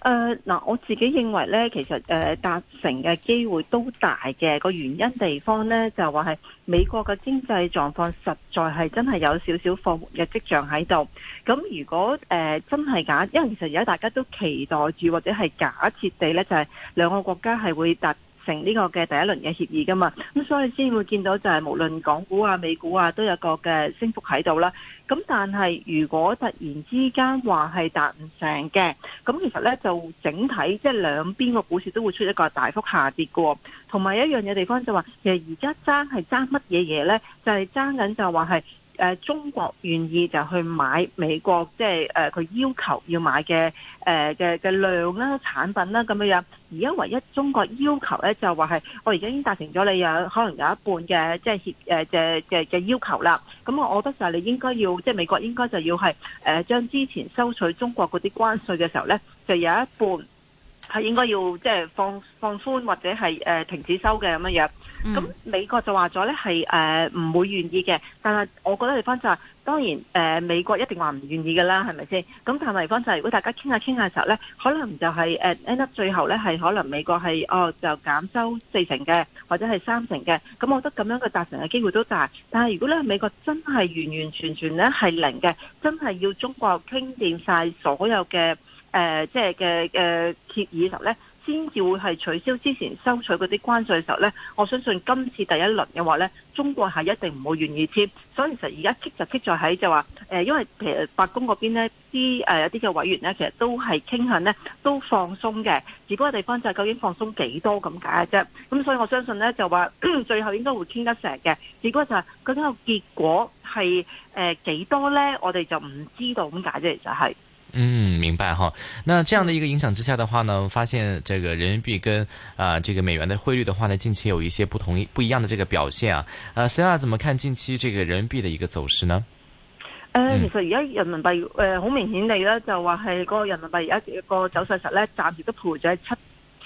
誒、呃、嗱，我自己認為呢，其實誒、呃、達成嘅機會都大嘅，個原因地方呢，就話係美國嘅經濟狀況實在係真係有少少放緩嘅跡象喺度。咁如果誒、呃、真係假，因為其實而家大家都期待住或者係假設地呢，就係、是、兩個國家係會達成、這、呢個嘅第一輪嘅協議噶嘛，咁所以先會見到就係無論港股啊、美股啊，都有一個嘅升幅喺度啦。咁但係如果突然之間話係達唔成嘅，咁其實呢，就整體即係、就是、兩邊個股市都會出一個大幅下跌嘅。同埋一樣嘅地方就話、是，其實而家爭係爭乜嘢嘢呢？就係爭緊就話係。誒，中國願意就去買美國，即係誒，佢要求要買嘅誒嘅嘅量啦，產品啦，咁樣樣。而家唯一中國要求咧，就話係我而家已經達成咗你有可能有一半嘅即係協誒嘅嘅嘅要求啦。咁我我覺得就係你應該要，即係美國應該就要係誒，將之前收取中國嗰啲關稅嘅時候咧，就有一半係應該要即係放放寬或者係誒停止收嘅咁樣樣。咁、嗯、美國就話咗咧係誒唔會願意嘅，但係我覺得嚟講就係當然誒美國一定話唔願意㗎啦，係咪先？咁但係嚟講就係、是、如果大家傾下傾下嘅時候咧，可能就係誒 end up 最後咧係可能美國係哦就減收四成嘅，或者係三成嘅。咁我覺得咁樣嘅達成嘅機會都大。但係如果咧美國真係完完全全咧係零嘅，真係要中國傾掂晒所有嘅誒即係嘅嘅協議嘅時候咧。先至會係取消之前收取嗰啲關稅嘅時候呢，我相信今次第一輪嘅話呢，中國係一定唔會願意簽。所以其實而家激就激在喺就話誒，因為其實白宮嗰邊呢啲誒有啲嘅委員呢，其實都係傾向呢都放鬆嘅，只不過地方就係究竟放鬆幾多咁解嘅啫。咁所以我相信呢，就話最後應該會傾得成嘅，只不過就係究竟個結果係誒幾多呢，我哋就唔知道咁解啫，其實係、就是。嗯，明白哈。那這樣的一個影響之下的話呢，發現這個人民幣跟啊、呃、這個美元的匯率的話呢，近期有一些不同不一樣的這個表現啊。啊，Sarah，怎麼看近期這個人民幣的一個走勢呢？誒、呃，其實而家人民幣誒好、呃、明顯地咧，就話係個人民幣而家個走勢實咧，暫時都徘徊咗喺七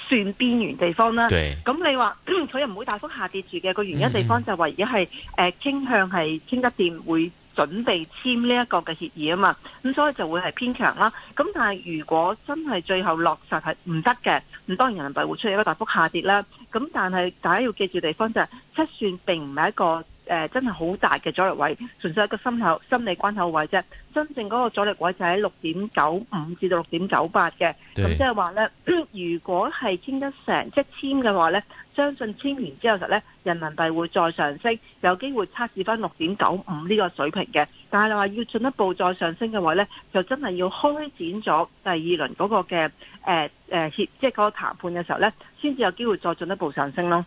算邊緣地方啦。咁你話佢又唔會大幅下跌住嘅，個原因地方就話而家係誒傾向係傾得掂會準備簽呢一個嘅協議啊嘛，咁所以就會係偏強啦。咁但係如果真係最後落實係唔得嘅，咁當然人民幣會出現一個大幅下跌啦。咁但係大家要記住地方就係、是，七算並唔係一個。誒、呃，真係好大嘅阻力位，純粹係個心口心理關口位啫。真正嗰個阻力位就喺六點九五至到六點九八嘅。咁即係話呢，如果係簽得成即係簽嘅話呢，相信簽完之後實呢人民幣會再上升，有機會測試翻六點九五呢個水平嘅。但係話要進一步再上升嘅話呢，就真係要開展咗第二輪嗰個嘅誒誒協即係個談判嘅時候呢，先至有機會再進一步上升咯。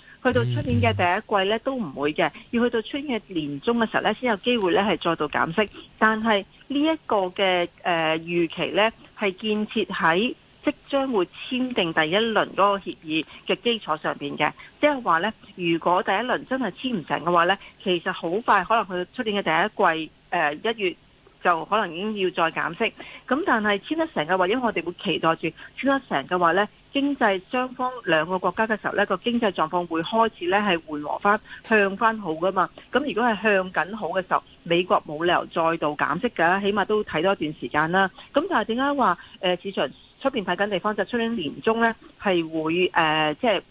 去到出年嘅第一季呢，都唔會嘅，要去到出年嘅年中嘅時候呢，先有機會呢係再度減息。但係呢一個嘅呃、預期呢，係建設喺即將會簽訂第一輪嗰個協議嘅基礎上面嘅，即係話呢，如果第一輪真係簽唔成嘅話呢，其實好快可能去到出年嘅第一季，呃、一月就可能已經要再減息。咁但係簽得成嘅話，因為我哋會期待住簽得成嘅話呢。經濟雙方兩個國家嘅時候呢個經濟狀況會開始呢係緩和翻，向翻好噶嘛。咁如果係向緊好嘅時候，美國冇理由再度減息㗎，起碼都睇多一段時間啦。咁但係點解話誒市場出邊睇緊地方就出年中呢係會誒即係？呃就是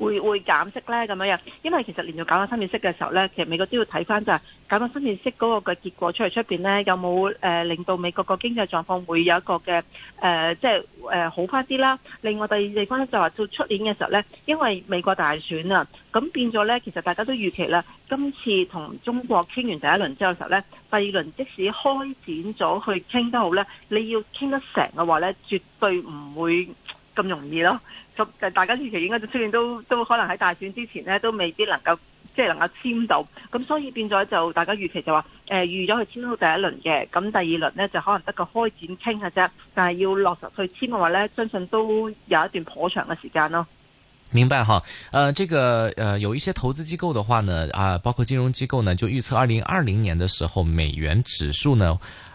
會會減息咧咁樣樣，因為其實連續減緊三次息嘅時候咧，其實美國都要睇翻就係減緊三次息嗰個嘅結果出嚟出面咧，有冇誒令到美國個經濟狀況會有一個嘅誒即係誒好翻啲啦。另外第二嘅因素就話到出年嘅時候咧，因為美國大選啊，咁變咗咧，其實大家都預期啦，今次同中國傾完第一輪之後嘅時候咧，第二輪即使開展咗去傾得好咧，你要傾得成嘅話咧，絕對唔會。咁容易咯，咁誒，大家預期應該就出現都都可能喺大選之前呢，都未必能夠即係能夠簽到，咁所以變咗就大家預期就話誒預咗去簽到第一輪嘅，咁第二輪呢，就可能得個開展傾嘅啫，但係要落實去簽嘅話呢，相信都有一段頗長嘅時間咯。明白哈，誒、呃，這個、呃、有一些投資機構的話呢，啊，包括金融機構呢，就預測二零二零年的時候美元指數呢。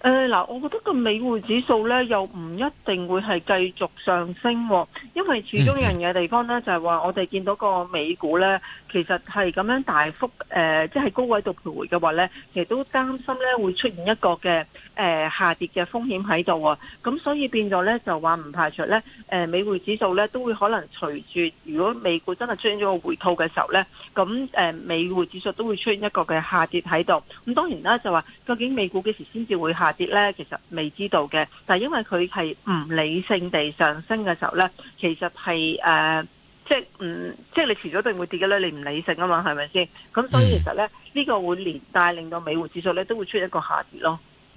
誒，嗱，我覺得個美匯指數咧又唔一定會係繼續上升，因為始終人嘅地方咧就係話，我哋見到個美股咧，其實係咁樣大幅誒，即、呃、係、就是、高位度徘徊嘅話咧，其實都擔心咧會出現一個嘅誒、呃、下跌嘅風險喺度啊，咁所以變咗咧就話唔排除咧，誒美匯指數咧都會可能隨住如果美股真係出現咗個回吐嘅時候咧，咁、呃、誒美匯指數都會出現一個嘅下跌喺度。咁當然啦，就話究竟美股幾時先至會下跌？下跌咧，其實未知道嘅，但係因為佢係唔理性地上升嘅時候咧，其實係誒、呃，即係唔、呃，即係你遲早定會跌嘅咧，你唔理性啊嘛，係咪先？咁所以其實咧，呢、這個會連帶令到美匯指數咧，都會出現一個下跌咯。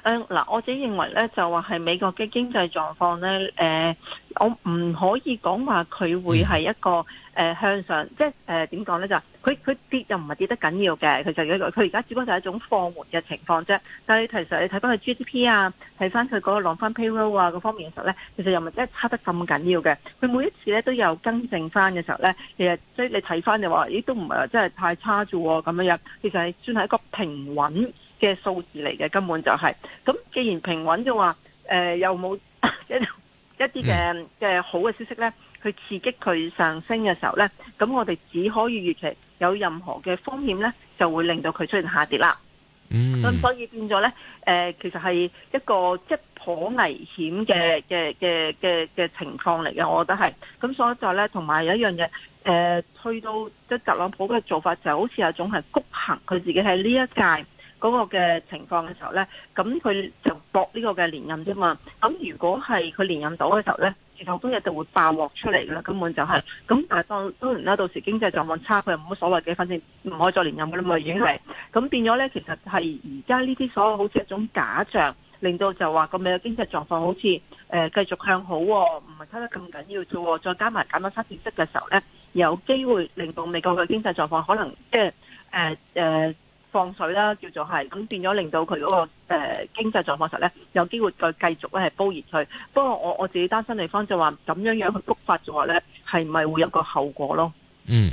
誒、嗯、嗱，我自己認為咧，就話係美國嘅經濟狀況咧，誒、呃，我唔可以講話佢會係一個誒、呃、向上，即係誒點講咧就係，佢佢跌又唔係跌得緊要嘅，其實佢而家只不過係一種放緩嘅情況啫。但係其實你睇翻佢 GDP 啊，睇翻佢嗰個勞番 payroll 啊嗰方面嘅時候咧，其實又唔係真係差得咁緊要嘅。佢每一次咧都有更正翻嘅時候咧，其實即係你睇翻就話，咦都唔係真係太差啫喎咁樣。其實係算係一個平穩。嘅數字嚟嘅，根本就係、是、咁。既然平穩嘅話，誒、呃、又冇 一一啲嘅嘅好嘅消息咧，去刺激佢上升嘅時候咧，咁我哋只可以預期有任何嘅風險咧，就會令到佢出現下跌啦。嗯，咁所以變咗咧、呃，其實係一個即係頗危險嘅嘅嘅嘅嘅情況嚟嘅，我覺得係咁。所以就咧，同埋有一樣嘢誒，去、呃、到即係特朗普嘅做法，就好似一種係谷行，佢自己喺呢一屆。嗰、那個嘅情況嘅時候咧，咁佢就搏呢個嘅連任啫嘛。咁如果係佢連任到嘅時候咧，其實好多嘢就會爆鑊出嚟啦。根本就係、是、咁。但係當當然啦，到時經濟狀況差，佢又冇乜所謂嘅，反正唔可以再連任嘅啦嘛，已經係。咁變咗咧，其實係而家呢啲所有好似一種假象，令到就話個美國經濟狀況好似誒、呃、繼續向好喎、哦，唔係差得咁緊要啫喎、哦。再加埋減咗差別息嘅時候咧，有機會令到美國嘅經濟狀況可能即係誒誒。呃呃放水啦，叫做係，咁變咗令到佢嗰、那個誒、呃、經濟狀況實咧有機會再繼續咧係煲熱佢。不過我我自己擔心地方就話咁樣樣去觸發就話咧係咪會有個後果咯？嗯。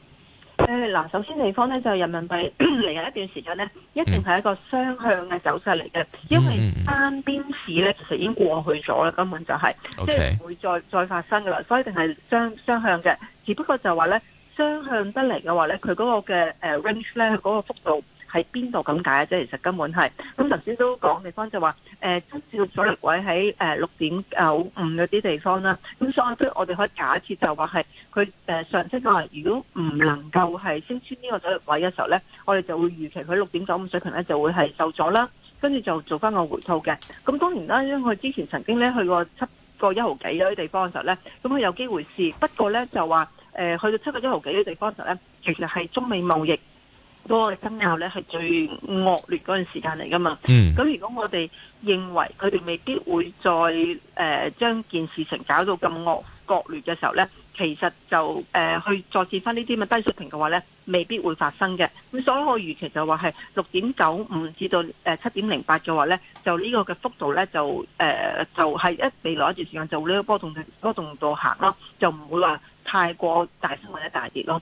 嗱，首先地方咧就係人民幣嚟緊一段時間咧，一定係一個雙向嘅走勢嚟嘅，因為單邊市咧其實已經過去咗啦，根本就係、是 okay. 即係唔會再再發生噶啦，所以一定係雙雙向嘅，只不過就話咧雙向得嚟嘅話咧，佢嗰個嘅誒 range 咧佢嗰個幅度。喺邊度咁解啫？其實根本係咁頭先都講地方就話，誒今次個阻力位喺誒六點九五嗰啲地方啦。咁所以我哋可以假設就話係佢誒上升到。如果唔能夠係升穿呢個阻力位嘅時候咧，我哋就會預期佢六點九五水平咧就會係受阻啦，跟住就做翻個回吐嘅。咁當然啦，因為佢之前曾經咧去過七個一毫幾嗰啲地方嘅時候咧，咁佢有機會試。不過咧就話誒、呃、去到七個一毫幾嗰啲地方嘅時候咧，其實係中美貿易。嗰、那個爭拗咧係最惡劣嗰陣時間嚟噶嘛，咁、嗯、如果我哋認為佢哋未必會再誒、呃、將件事情搞到咁惡惡劣嘅時候咧，其實就誒、呃、去再次翻呢啲咁嘅低水平嘅話咧，未必會發生嘅。咁所以我預期就話係六點九五至到誒七點零八嘅話咧，就呢個嘅幅度咧就誒、呃、就係一未來一段時間就呢個波動嘅波動下行咯，就唔會話太過大升或者大跌咯。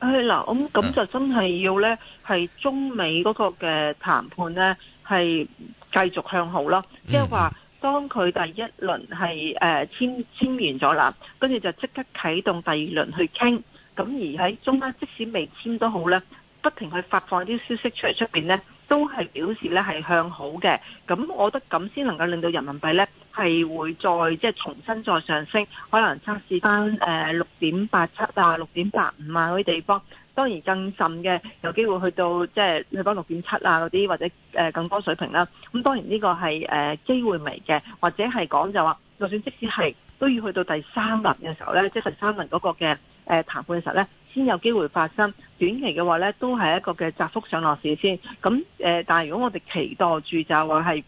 啦、嗯，咁咁就真係要呢，係中美嗰個嘅談判呢，係繼續向好囉。即係話，當佢第一輪係誒、呃、簽簽完咗啦，跟住就即刻啟動第二輪去傾。咁而喺中間，即使未簽都好呢，不停去發放啲消息出嚟出面呢。都係表示咧係向好嘅，咁我覺得咁先能夠令到人民幣咧係會再即係、就是、重新再上升，可能測試翻誒六點八七啊、六點八五啊嗰啲地方，當然更甚嘅有機會去到即係去翻六點七啊嗰啲或者誒更多水平啦。咁當然呢個係誒機會嚟嘅，或者係講就話，就算即使係都要去到第三輪嘅時候咧，即、就、係、是、第三輪嗰個嘅誒談判嘅時候咧。先有機會發生，短期嘅話呢都係一個嘅窄幅上落市先。咁誒、呃，但係如果我哋期待住就話係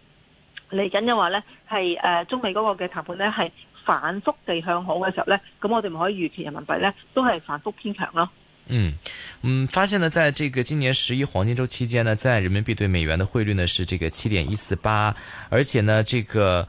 嚟緊嘅話呢係誒、呃、中美嗰個嘅談判呢係反覆地向好嘅時候呢咁我哋咪可以預期人民幣呢都係反覆偏強咯。嗯嗯，發現呢，在這個今年十一黃金週期間呢，在人民幣對美元嘅匯率呢是這個七點一四八，而且呢，這個。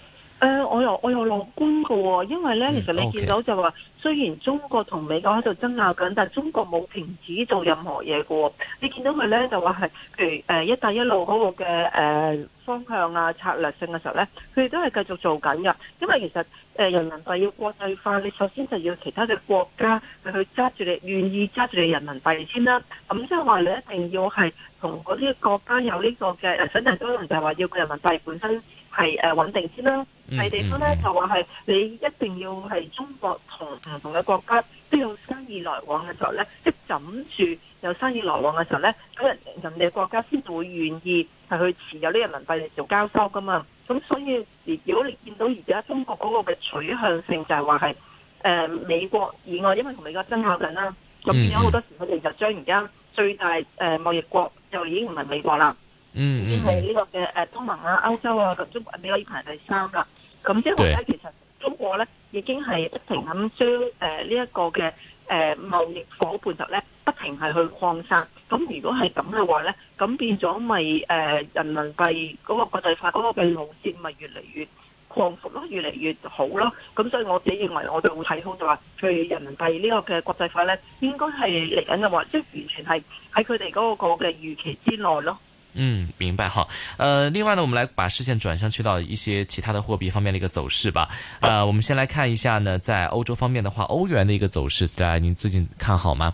誒、呃，我又我又樂觀嘅喎、哦，因為咧、嗯，其實你見到就話，Okay. 雖然中國同美國喺度爭拗緊，但係中國冇停止做任何嘢嘅喎。你見到佢咧，就話係，譬如、呃、一帶一路嗰個嘅誒方向啊、策略性嘅時候咧，佢都係繼續做緊嘅。因為其實、呃、人民幣要國際化，你首先就要其他嘅國家去揸住你，願意揸住你人民幣先啦。咁即係話你一定要係同嗰啲國家有呢個嘅誒，甚都唔就係話要人民幣本身。係誒、啊、穩定先啦，係、mm -hmm. 地方咧就話係你一定要係中國同唔同嘅國家都有生意來往嘅時候咧，即係諗住有生意來往嘅時候咧，咁人哋國家先至會願意係去持有呢人民幣嚟做交收噶嘛。咁所以，如果你見到而家中國嗰個嘅取向性就係話係誒美國以外，因為同美國爭拗緊啦，咁有好多時，佢哋就將而家最大誒、呃、貿易國就已經唔係美國啦。嗯，先係呢個嘅誒，東盟啊、歐洲啊，咁美國比較要排第三噶。咁即係咧，其實中國咧已經係不停咁將誒呢一個嘅誒貿易夥伴集咧不停係去擴散。咁如果係咁嘅話咧，咁變咗咪誒人民幣嗰個國際化嗰個嘅路線咪越嚟越擴闊咯，越嚟越好咯。咁所以我自己認為我哋就會睇好，就話佢人民幣呢個嘅國際化咧，應該係嚟緊嘅話，即係完全係喺佢哋嗰個個嘅預期之內咯。嗯，明白，好，呃，另外呢，我們來把視線轉向去到一些其他的貨幣方面的一個走勢吧。呃，我們先來看一下呢，在歐洲方面的話，歐元的一個走勢你您最近看好嗎？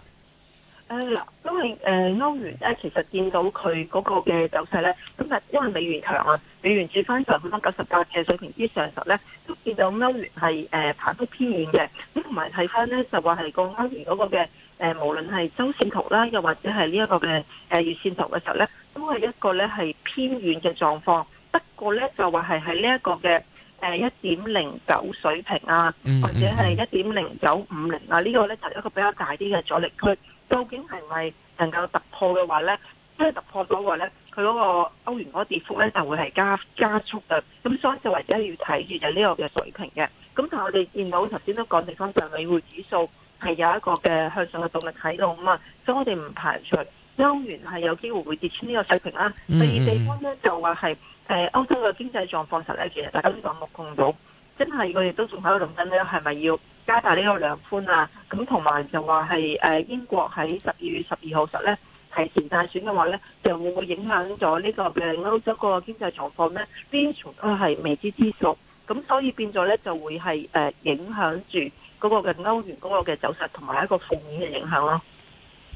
呃，因為呃歐元咧，其實見到佢嗰個嘅走勢呢，咁啊，因為美元強啊，美元住翻上去翻九十八嘅水平之上嘅時候呢，都見到歐元係誒跑得偏軟嘅。咁同埋睇翻呢，就話係個歐元嗰個嘅誒、呃，無論係周線圖啦，又或者係呢一個嘅誒月線圖嘅時候呢。都係一個咧，係偏遠嘅狀況。不過咧，就話係喺呢一個嘅誒一點零九水平啊，或者係一點零九五零啊，呢、這個咧就一個比較大啲嘅阻力區。究竟係咪能夠突破嘅話咧？即係突破咗話咧，佢嗰個歐元嗰個跌幅咧，就會係加加速嘅。咁所以，就或者要睇住就呢個嘅水平嘅。咁但係我哋見到頭先都講，地方就美匯指數係有一個嘅向上嘅動力睇到啊嘛，所以我哋唔排除。歐元係有機會會跌穿呢個水平啦、啊嗯嗯。第二地方咧就話係誒歐洲嘅經濟狀況實咧，其實大家都係目共睹，真係我亦都仲喺度諗緊咧，係咪要加大呢個量寬啊？咁同埋就話係誒英國喺十二月十二號實咧提前大選嘅話咧，就會唔會影響咗呢個誒歐洲個經濟狀況咧？呢啲都係未知之數，咁所以變咗咧就會係誒、呃、影響住嗰個嘅歐元嗰個嘅走勢，同埋一個負面嘅影響咯、啊。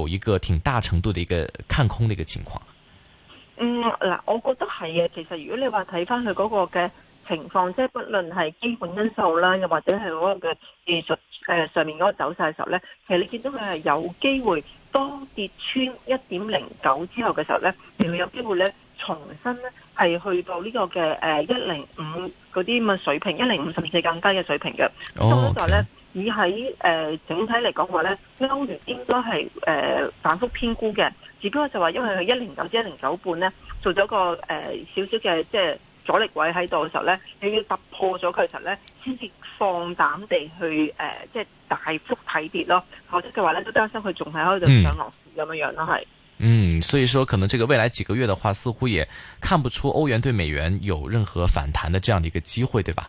有一個挺大程度的一個看空的一個情況。嗯，嗱，我覺得係嘅。其實如果你話睇返佢嗰個嘅情況，即係不論係基本因素啦，又或者係嗰個嘅技術誒上面嗰個走勢嘅時候咧，其實你見到佢係有機會當跌穿一點零九之後嘅時候咧，你會有機會咧重新咧係去到呢個嘅誒一零五嗰啲咁嘅水平，一零五甚至更低嘅水平嘅。咁咧。以喺誒、呃、整體嚟講話咧，歐元應該係誒反覆偏估嘅。只不過就話，因為佢一零九至一零九半咧，做咗個誒少少嘅即係阻力位喺度嘅時候咧，又要突破咗佢實咧，先至放膽地去誒、呃、即係大幅睇跌咯。否則嘅話咧，都擔心佢仲係喺度上落市咁樣樣、嗯、咯，係。嗯，所以說可能這個未來幾個月的話，似乎也看不出歐元對美元有任何反彈的這樣一個機會，對吧？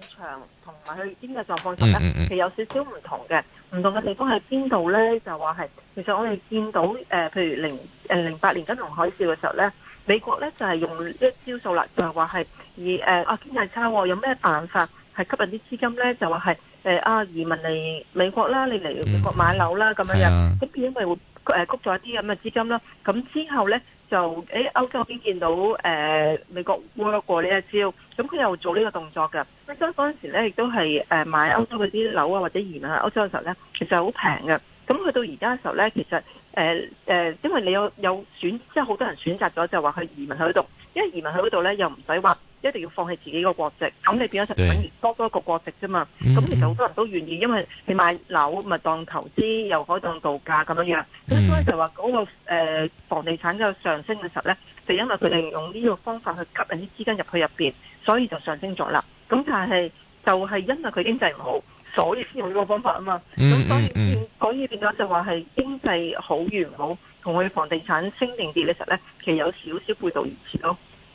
市場同埋去經濟狀況就咧，其實有少少唔同嘅，唔同嘅地方係邊度咧？就話係，其實我哋見到誒、呃，譬如零誒、呃、零八年金融海嘯嘅時候咧，美國咧就係用一招數啦，就話係以誒啊經濟差，有咩辦法係吸引啲資金咧？就話係誒啊移民嚟美國啦，你嚟美國買樓啦咁樣樣，咁變咗咪會誒谷咗一啲咁嘅資金啦。咁之後咧。就誒、欸、歐洲邊見到誒、呃、美國 work 過呢一招，咁佢又做呢個動作嘅。所以嗰陣時咧，亦都係誒、呃、買歐洲嗰啲樓啊或者移民去歐洲嘅時候咧，其實好平嘅。咁去到而家嘅時候咧，其實誒誒、呃呃，因為你有有選，即係好多人選擇咗就話去移民去嗰度，因為移民去嗰度咧又唔使話。一定要放棄自己個國籍，咁你變咗實品多多一個國籍啫嘛。咁其實好多人都願意，因為你買樓咪當投資，又可以當度假咁樣咁、嗯、所以就話嗰、那個、呃、房地產就上升嘅時候咧，就因為佢哋用呢個方法去吸引啲資金入去入邊，所以就上升咗啦。咁但係就係、是就是、因為佢經濟唔好，所以先用呢個方法啊嘛。咁、嗯嗯嗯、所以變，所以變咗就話係經濟好與唔好同佢房地產升定跌嘅時候咧，其實有少少背道而馳咯。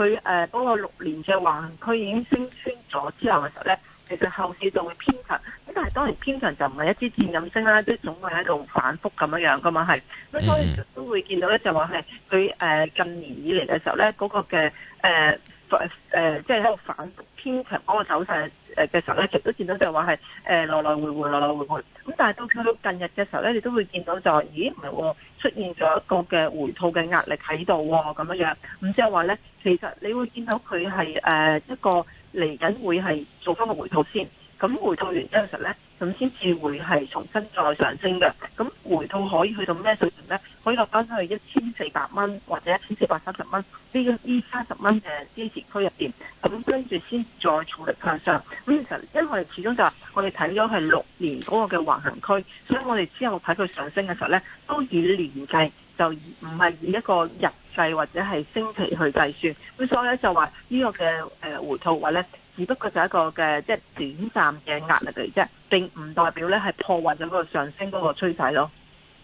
佢誒嗰六年嘅橫行區已經升穿咗之後嘅時候咧，其實後市就會偏強，咁但係當然偏強就唔係一支箭咁升啦，都總會喺度反覆咁樣樣噶嘛係，咁所以都會見到咧就話係佢誒近年以嚟嘅時候咧嗰個嘅誒誒即係喺度反。偏強嗰個走勢嘅時候咧，一直都見到就話係來來回回來來回回咁，但係到佢近日嘅時候咧，你都會見到就，咦唔係喎，出現咗一個嘅回吐嘅壓力喺度喎，咁樣樣咁即係話咧，其實你會見到佢係、呃、一個嚟緊會係做翻個回吐先，咁回吐完之後咧。咁先至會係重新再上升嘅，咁回吐可以去到咩水平咧？可以落翻去一千四百蚊或者一千四百三十蚊呢？呢三十蚊嘅支持區入邊，咁跟住先再重力向上。咁其實因為我哋始終就係我哋睇咗係六年嗰個嘅橫行區，所以我哋之後睇佢上升嘅時候咧，都以年計，就唔係以一個日計或者係星期去計算。咁所以咧就話呢個嘅誒回吐話咧。只不過就係一個嘅即係短暫嘅壓力嚟啫，並唔代表呢係破壞咗嗰個上升嗰個趨勢咯。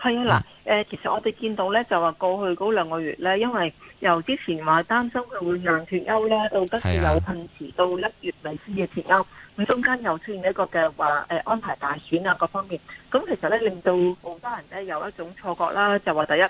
係啊，嗱，誒，其實我哋見到咧，就話過去嗰兩個月咧，因為由之前話擔心佢會難脫歐咧，到跟住有延遲到一月嚟先嘅脫歐，咁、啊、中間又出現一個嘅話，誒安排大選啊，各、那個、方面，咁其實咧令到好多人咧有一種錯覺啦，就話第一，誒，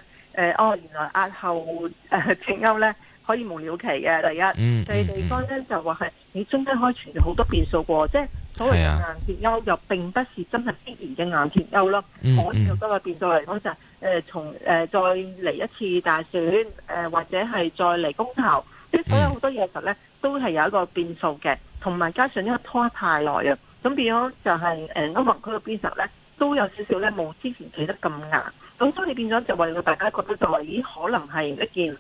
哦，原來押後誒脫歐咧可以無了期嘅，第一，嗯、第二地方咧就話係你中間可以存咗好多變數喎即係。所謂嘅硬脫歐又並不是真係必然嘅硬脫歐咯，可能好多個變數嚟講就係誒從誒、呃、再嚟一次大選誒、呃、或者係再嚟公投，即係所有好多嘢其實咧都係有一個變數嘅，同埋加上因為拖太耐啊，咁、就是呃、變咗就係誒歐盟區嘅邊集咧都有少少咧冇之前企得咁硬，咁所以變咗就話令大家覺得就話咦可能係一件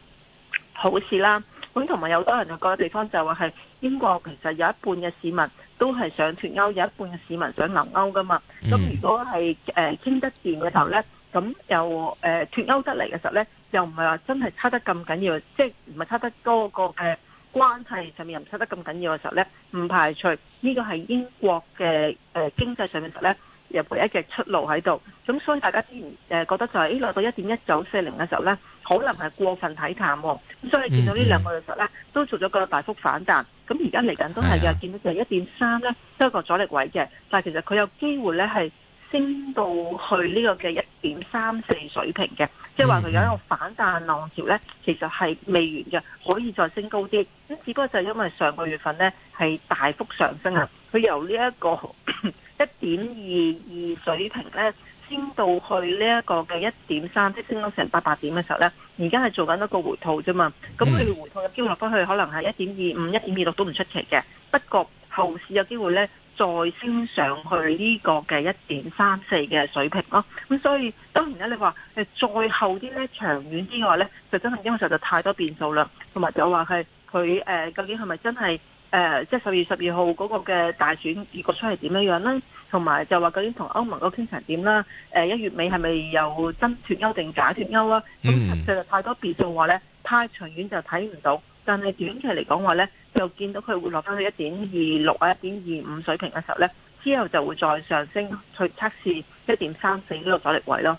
好事啦，咁同埋有多人就覺得地方就話係。英國其實有一半嘅市民都係想脫歐，有一半嘅市民想留歐噶嘛。咁、嗯、如果係誒傾得掂嘅時候咧，咁又誒脫歐得嚟嘅時候咧，又唔係話真係差得咁緊要，即係唔係差得多個誒、呃、關係上面又唔差得咁緊要嘅時候咧，唔排除呢個係英國嘅誒、呃、經濟上面嘅時候咧又唯一嘅出路喺度。咁所以大家之前誒覺得就係、是、誒、欸、落到一點一九四零嘅時候咧，可能係過分睇淡，哦，咁所以見到呢兩個嘅時候咧，都做咗個大幅反彈。咁而家嚟緊都係嘅，見到就係一點三咧，都係個阻力位嘅。但係其實佢有機會咧，係升到去呢個嘅一點三四水平嘅，即係話佢有一個反彈浪潮咧，其實係未完嘅，可以再升高啲。咁只不過就因為上個月份咧係大幅上升啊，佢由呢一個一點二二水平咧。升到去呢一個嘅一點三，即升到成八八點嘅時候呢，而家係做緊一個回吐啫嘛。咁佢回吐又飄落翻去，可能係一點二五、一點二六都唔出奇嘅。不過後市有機會呢，再升上去呢個嘅一點三四嘅水平咯。咁所以當然啦，你話誒再後啲咧、長遠之外呢，就真係因為實在太多變數啦，同埋就話係佢誒究竟係咪真係誒即係十二月十二號嗰個嘅大選結果、呢個、出係點樣樣呢？同埋就話究竟同歐盟個傾談點啦，誒、呃、一月尾係咪有真脫歐定假脫歐啊？咁、嗯、實在太多變數話咧，太長遠就睇唔到，但係短期嚟講話咧，就見到佢會落翻去一點二六啊、一點二五水平嘅時候咧，之後就會再上升去測試一點三四呢個阻力位咯。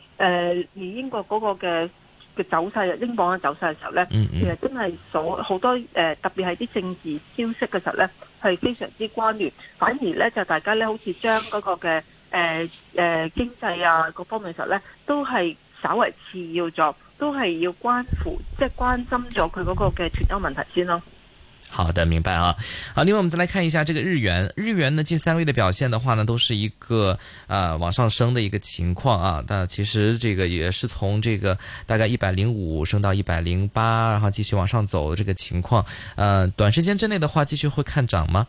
誒而英國嗰個嘅嘅走勢，英鎊嘅走勢嘅時候咧，其實真係所好多誒、呃，特別係啲政治消息嘅時候咧，係非常之關聯。反而咧就大家咧，好似將嗰個嘅誒誒經濟啊各方面嘅時候咧，都係稍為次要咗，都係要關乎即係、就是、關心咗佢嗰個嘅脫歐問題先咯。好的，明白啊。好，另外我們再來看一下這個日元。日元呢，近三個月的表現的話呢，都是一個呃往上升的一個情況啊。但其實這個也是從這個大概一百零五升到一百零八，然後繼續往上走這個情況。呃，短時間之內的話，繼續會看漲嗎？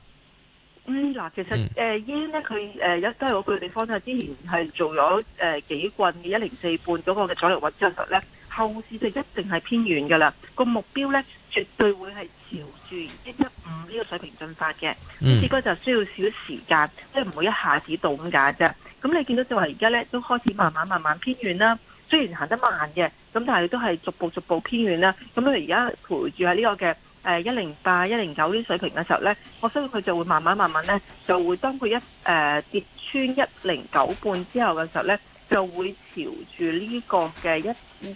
嗯，嗱，其實誒煙、嗯呃、呢，佢誒一都係有個地方，就係之前係做咗誒、呃、幾棍嘅一零四半嗰個嘅阻力位之後呢後市就一定係偏遠㗎啦，個目標呢，絕對會係朝住一一五呢個水平進發嘅，結、嗯、果就需要少少時間，即係唔會一下子到咁解啫。咁你見到就話而家呢都開始慢慢慢慢偏遠啦，雖然行得慢嘅，咁但係都係逐步逐步偏遠啦。咁佢而家陪住喺呢個嘅誒一零八一零九呢啲水平嘅時候呢，我相信佢就會慢慢慢慢呢就會當佢一誒、呃、跌穿一零九半之後嘅時候呢，就會朝住呢個嘅一一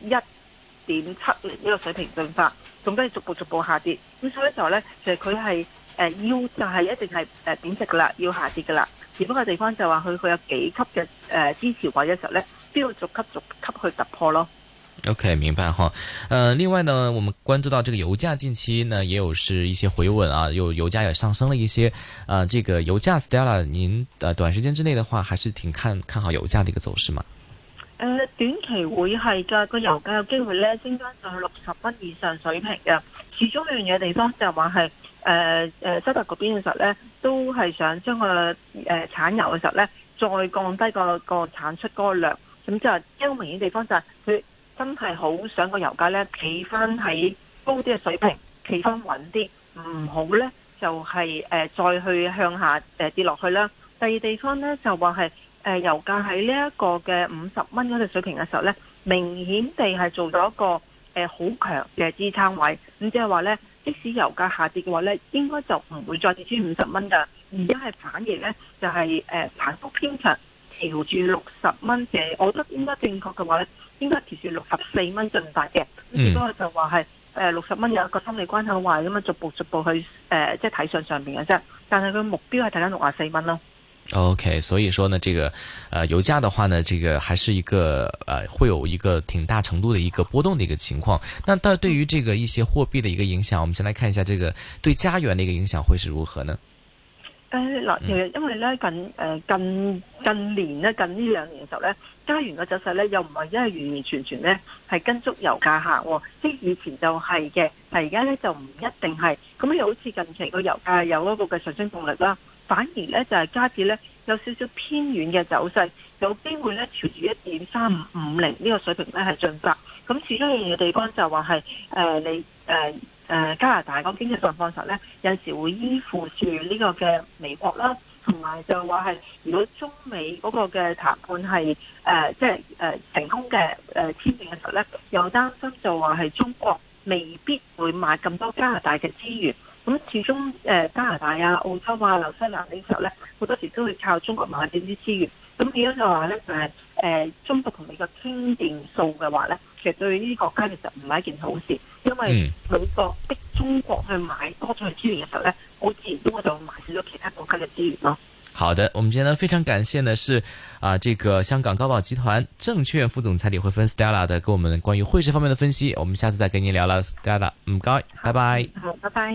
一點七呢個水平進發，總之係逐步逐步下跌。咁所以咧就咧，是呃 U、就係佢係誒要就係一定係誒貶值噶啦，要下跌噶啦。只不過地方就話佢佢有幾級嘅誒、呃、支持位嘅時候咧，都要逐級逐級去突破咯。OK，明白哈。嗯、呃，另外呢，我們關注到這個油價近期呢也有是一些回穩啊，有油價也上升了一些。啊、呃，這個油價 Stella，您誒、呃、短時間之內的話，還是挺看看好油價嘅一個走勢嘛。誒短期會係㗎，個油價有機會咧升翻去六十蚊以上水平嘅。始終一樣嘢地方就話係誒誒，沙特嗰邊嘅時候咧，都係想將個誒、呃、產油嘅時候咧，再降低個個產出嗰個量。咁即係一個明顯地方就係、是、佢真係好想個油價咧企翻喺高啲嘅水平，企翻穩啲。唔好咧就係、是、誒、呃、再去向下誒跌落去啦。第二地方咧就話係。誒油價喺呢一個嘅五十蚊嗰個水平嘅時候咧，明顯地係做咗一個誒好、呃、強嘅支撐位，咁即係話咧，即使油價下跌嘅話咧，應該就唔會再跌穿五十蚊㗎。而家係反而咧，就係、是、誒、呃、反覆偏強，調住六十蚊嘅，我覺得應該正確嘅話咧，應該調住六十四蚊進發嘅。咁、嗯、所以就話係誒六十蚊有一個心理關口壞咁樣，逐步逐步去誒即係睇上上面嘅啫。但係佢目標係睇緊六十四蚊咯。O、okay, K，所以說呢，這個，呃，油價的話呢，這個還是一個，呃，會有一個挺大程度的一個波動的一個情況。那但對於這個一些貨幣的一個影響，我們先來看一下，這個對加元的一個影響會是如何呢？誒、呃，嗱，因為呢近，誒、呃、近近，近年呢近呢兩年嘅時候呢加元嘅走勢呢又唔係因為完完全全呢係跟足油價行、哦，即以前就係嘅，但而家呢就唔一定係。咁又好似近期個油價有一個嘅上升動力啦。反而咧就係加字咧有少少偏遠嘅走勢，有機會咧朝住一點三五五零呢個水平咧係進發。咁至於另一個地方就話係誒你誒誒加拿大嗰邊嘅經濟狀況，實咧有時會依附住呢個嘅美國啦，同埋就話係如果中美嗰個嘅談判係誒即係誒成功嘅誒簽訂嘅時候咧，又擔心就話係中國未必會買咁多加拿大嘅資源。咁始終誒、呃、加拿大啊、澳洲啊、紐西蘭呢啲時候咧，好多時都會靠中國買點啲資源。咁點樣就話咧誒誒，中國同美國傾掂數嘅話咧，其實對呢啲國家其實唔係一件好事，因為美國逼中國去買多咗嘅資源時候呢，嘅其實咧好自然多咗買少咗其他國家嘅資源咯、哦。好的，我們今天呢非常感謝呢是啊、呃，這個香港高寶集團證券副總裁李慧芬 Stella 嘅，跟我們關於匯市方面嘅分析。我們下次再跟你聊啦，Stella。唔該，拜拜。好，拜拜。